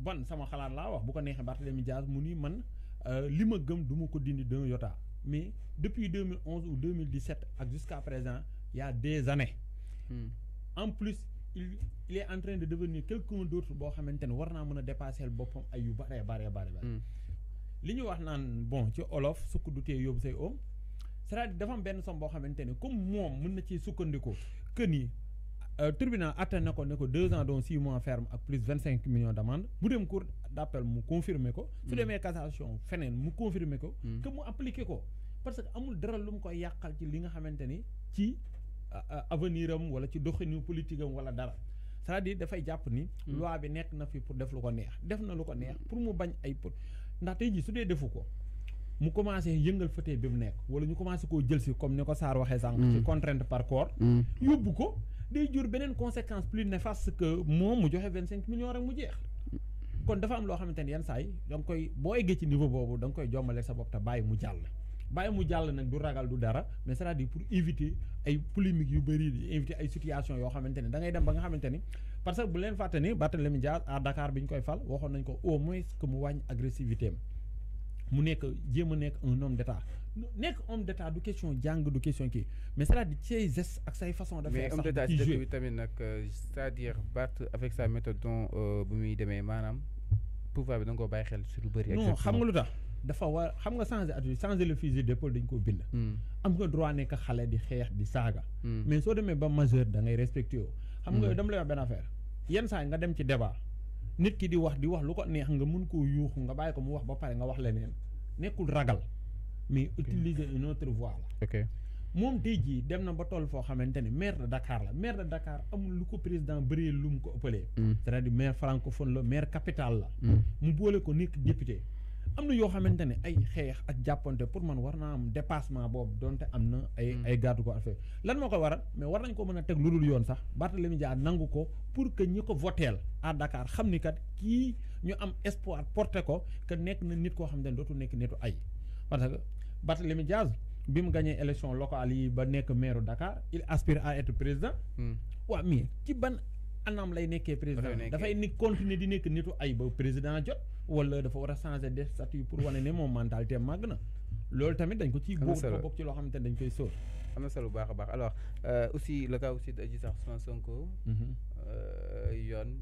bon sama xalaat laa wax bu ko neexee Barthélémy Dias mu ni man euh, li ma gëm du ma ko dindi d'un yota mais depuis 2011 ou 2017 ak jusqu'à présent il y a des années. Hmm. en plus il il est en train de devenir quelqu'un d'autre boo xamante ne war naa mën a dépasser boppam ay yu bare bare bare bare hmm. li wax naan bon ci olof sukk du yóbbu say oom c'est-à-dire dafa am benn somme boo xamante ne comme moom mën na ci sukkandiku que ni. Euh, tribunal atte ko ne ko 2 ans dont 6 mois ferme ak plus 25 millions d'amende bu dem cour d'appel mu confirmer ko su hmm. demee cassation fenen mu confirmer ko hmm. que mu appliquer ko parce que amul dara lu mu koy yàqal ci li nga xamanteni ci aveniram wala ci doxinu politique wala dara c'est-à-dire fay japp ni hmm. loi bi nekk na fi pour def lu ko neex def na lu ko neex pour mu bañ ay pour ndax tay ji su dee defu ko mu commencé yëngal fauteuil bi mu nekk wala ñu commencé ko jël ci comme ni ko Sarr waxee sànq ci contrainte par corps yóbbu ko day jur benen conséquence plus néfaste que moom mu joxe 25 millions rek mu jeex kon dafa am lo xamanteni yeen say dang koy bo égué ci niveau bobu dang nga koy jommale sa bop ta baye mu jàll baye mu jàll nak du ragal du dara mais c'est-à-dire pour éviter ay polémique yu bari di éviter ay situation yo xamanteni ne da ngay dem ba nga xamanteni parce que bu len fàtte ni Barthélémy Dias à Dakar biñ koy fal waxon nañ ko au moins que mu wagn agressivité mu nek jéem nek un homme d'état nek homme d'état du question jang du question kii mais c' est à dire gestes ak façon. de faire sax mais homme d' état que dëkk tamit à dire Barth avec sa méthode dont euh, bu muy démé manam pouvoir bi dango baye xel si lu non xam nga lutax dafa wa xam nga changer attitude changer le fusil d'épaule dañ koo bind. Hmm. am nga droit nek xalé di xeex di saga hmm. mais so démé ba majeur da ngay respecté xam nga hmm. dam lay wax benn affaire yeen saa nga dem ci débat nit ki di wax di wax lu ko neex nga mën ko yuuxu nga bàyyi ko mu wax ba pare nga wax leneen nekul ragal mais utiliser une autre voie là. ok Mon tey jii dem na ba toll fo xamanteni maire de Dakar la maire de Dakar amul lu ko président bëree lu mu ko ëppalee. Mm. c'est-à-dire maire francophone la maire capitale la. Mm. mu bolé ko nekk député. amna yo xamanteni ay xeex ak jàppante pour man warna am dépassement bob donte am na ay mm. ay garde ko affaire lan moko waral mais war nañ ko mën a teg lu yoon sax Barthélémy dia nangou ko pour que ñiko votel à Dakar xamni kat ki ñu am espoir porté ko que nek na nit ko xamanteni dotu nek netu ay parce que Barthélémy Diaz bim gagné élection locale ba nek maire Dakar il aspire à être président. Hmm. Wa mi ci ban anam lay nekkee président Da fay ni continuer di nek nitu ay ba président jot wala da fa wara changer de statut pour wane ne moom mentalité magna. Lol tamit dañ ko ciy bok ci lo xamante ne dañ koy sor. Amna na solo bu baax a baax euh, aussi le cas aussi d'Adji Sarr Sonko mhm. euh, yone